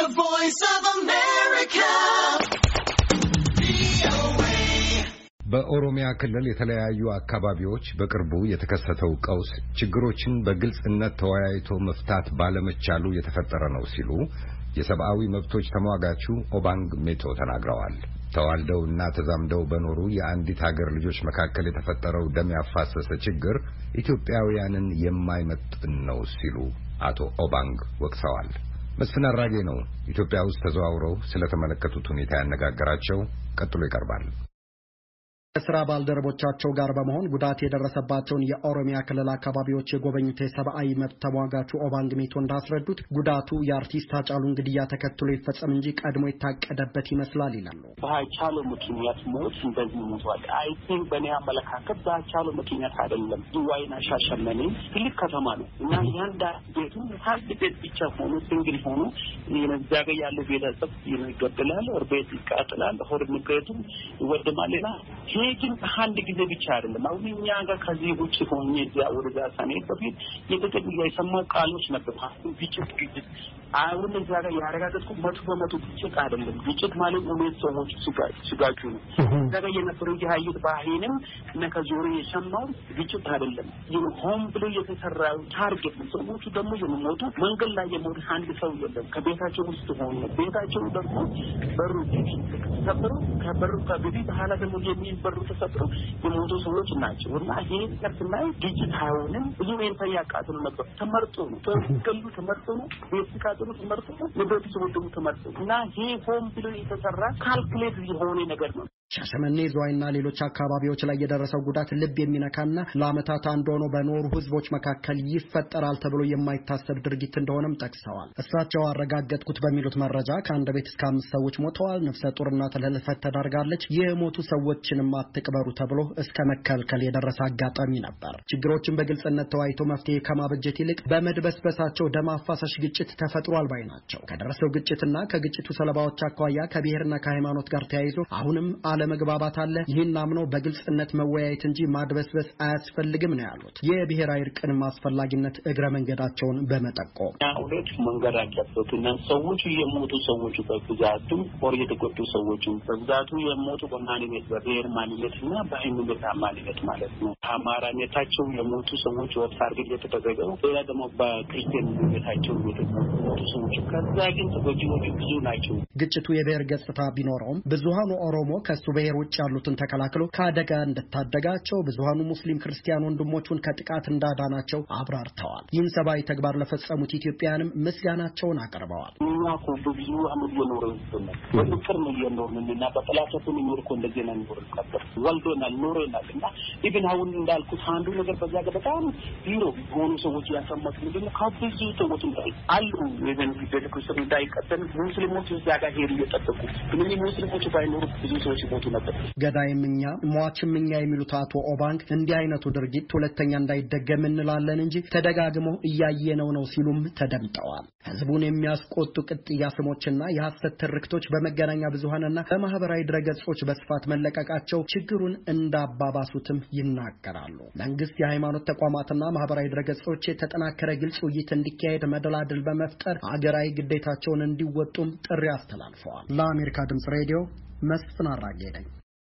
The Voice of America. በኦሮሚያ ክልል የተለያዩ አካባቢዎች በቅርቡ የተከሰተው ቀውስ ችግሮችን በግልጽነት ተወያይቶ መፍታት ባለመቻሉ የተፈጠረ ነው ሲሉ የሰብአዊ መብቶች ተሟጋቹ ኦባንግ ሜቶ ተናግረዋል። ተዋልደው እና ተዛምደው በኖሩ የአንዲት ሀገር ልጆች መካከል የተፈጠረው ደም ያፋሰሰ ችግር ኢትዮጵያውያንን የማይመጥን ነው ሲሉ አቶ ኦባንግ ወቅሰዋል። መስፍን አራጌ ነው ኢትዮጵያ ውስጥ ተዘዋውረው ስለተመለከቱት ሁኔታ ያነጋገራቸው። ቀጥሎ ይቀርባል። ከስራ ባልደረቦቻቸው ጋር በመሆን ጉዳት የደረሰባቸውን የኦሮሚያ ክልል አካባቢዎች የጎበኙት የሰብአዊ መብት ተሟጋቹ ኦባንግ ሜቶ እንዳስረዱት ጉዳቱ የአርቲስት ሃጫሉን ግድያ ተከትሎ ይፈጸም እንጂ ቀድሞ የታቀደበት ይመስላል ይላሉ። በሃጫሉ ምክንያት ሞት እንደዚህ ሞቷል። አይ ቲንክ በእኔ አመለካከት በሃጫሉ ምክንያት አይደለም። ዱዋይና ሻሸመኔ ትልቅ ከተማ ነው እና ያንዳ ቤቱ አንድ ቤት ብቻ ሆኑ ሲንግል ሆኑ እዚያ ጋ ያለው ቤተሰብ ይገድላል፣ ቤት ይቃጥላል፣ ሆድ ንብረቱ ይወድማል ሌላ ይሄ ግን አንድ ጊዜ ብቻ አይደለም። አሁን እኛ ጋር ከዚህ ውጭ ሆኜ እዚያ ወደዛ ሰኔ በፊት የተጠቅያ የሰማው ቃሎች ነበር ግጭት ግጭት አሁን አብሮ ጋር ያረጋገጥኩ መቶ በመቶ ግጭት አይደለም። ግጭት ማለት ሁለት ሰዎች ሲጋጩ ነው። እዛ ጋር የነበረው የሀይል ባህሪንም እና ከዞሮ የሰማው ግጭት አይደለም፣ ይህ ሆን ብሎ የተሰራ ታርጌት ነው። ሰዎቹ ደግሞ የሚሞቱ መንገድ ላይ የሞቱ አንድ ሰው የለም። ከቤታቸው ውስጥ ሆኑ ቤታቸው ደግሞ በሩ ተሰብሮ ከበሩ ከግቢ በኋላ ደግሞ የሚበሩ ተሰብሮ የሞቱ ሰዎች ናቸው እና ይህ ቀርት ላይ ግጭት አይሆንም። ብዙ ሜንታ ያቃትሉ ነበር። ተመርጦ ነው ገሉ ተመርጦ ነው ቤት ብሎ ሲመርጡበት ለቤተሰቦች ደግሞ ተመርጡ እና ይህ ሆን ብሎ የተሰራ ካልኩሌት የሆነ ነገር ነው። ሻሸመኔ፣ ዝዋይና ሌሎች አካባቢዎች ላይ የደረሰው ጉዳት ልብ የሚነካና ለዓመታት አንድ ሆኖ በኖሩ ህዝቦች መካከል ይፈጠራል ተብሎ የማይታሰብ ድርጊት እንደሆነም ጠቅሰዋል። እሳቸው አረጋገጥኩት በሚሉት መረጃ ከአንድ ቤት እስከ አምስት ሰዎች ሞተዋል፣ ነፍሰ ጡርና ለህልፈት ተዳርጋለች፣ የሞቱ ሰዎችንም አትቅበሩ ተብሎ እስከ መከልከል የደረሰ አጋጣሚ ነበር። ችግሮችን በግልጽነት ተወያይቶ መፍትሄ ከማበጀት ይልቅ በመድበስበሳቸው ደም አፋሳሽ ግጭት ተፈጥሯል ባይ ናቸው። ከደረሰው ግጭትና ከግጭቱ ሰለባዎች አኳያ ከብሔርና ከሃይማኖት ጋር ተያይዞ አሁንም አለመግባባት አለ። ይህን አምኖ በግልጽነት መወያየት እንጂ ማድበስበስ አያስፈልግም ነው ያሉት። የብሔራዊ እርቅን አስፈላጊነት እግረ መንገዳቸውን በመጠቆም ሁለት መንገድ አለበት እና ሰዎቹ የሞቱ ሰዎቹ በብዛቱ ወር የተጎዱ ሰዎቹ በብዛቱ የሞቱ በማንነት በብሔር ማንነት እና በእምነት ማንነት ማለት ነው። አማራነታቸው የሞቱ ሰዎች ወደ ታርጌት የተደረገው ሌላ ደግሞ በክርስቲያን እምነታቸው የተሞቱ ሰዎች ከዛ ግን ተጎጂዎቹ ብዙ ናቸው። ግጭቱ የብሔር ገጽታ ቢኖረውም ብዙሀኑ ኦሮሞ ከሱ ከመንግስቱ ብሔር ውጭ ያሉትን ተከላክሎ ከአደጋ እንደታደጋቸው ብዙሀኑ ሙስሊም ክርስቲያን ወንድሞቹን ከጥቃት እንዳዳናቸው አብራርተዋል። ይህን ሰብአዊ ተግባር ለፈጸሙት ኢትዮጵያውያንም ምስጋናቸውን አቅርበዋል። እኛ እኮ በብዙ አመት የኖረ በፍቅር ነው እየኖርን እና ኖር እኮ እንደዚህ ነው ኖር ነበር ወልዶናል ኖረናል እና ኢብን አሁን እንዳልኩት አንዱ ነገር በዛ በጣም ቢሮ ሰዎች ያሰማት ምንድን ከብዙ ሰዎች አሉ ቤተክርስቲያን እንዳይቀጠል ሙስሊሞች እዛ ጋር ሄዱ እየጠበቁ እነዚህ ሙስሊሞች ባይኖሩ ብዙ ሰዎች ይሞቱ ነበር። ገዳይም እኛ ሟችም እኛ የሚሉት አቶ ኦባንክ እንዲህ አይነቱ ድርጊት ሁለተኛ እንዳይደገም እንላለን እንጂ ተደጋግሞ እያየነው ነው ሲሉም ተደምጠዋል። ህዝቡን የሚያስቆጡ ቅጥያ ስሞችና የሐሰት ትርክቶች በመገናኛ ብዙሀንና በማህበራዊ ድረገጾች በስፋት መለቀቃቸው ችግሩን እንዳባባሱትም ይናገራሉ። መንግስት የሃይማኖት ተቋማትና ማህበራዊ ድረገጾች የተጠናከረ ግልጽ ውይይት እንዲካሄድ መደላድል በመፍጠር አገራዊ ግዴታቸውን እንዲወጡም ጥሪ አስተላልፈዋል። ለአሜሪካ ድምጽ ሬዲዮ መስፍን አራጌ ነኝ።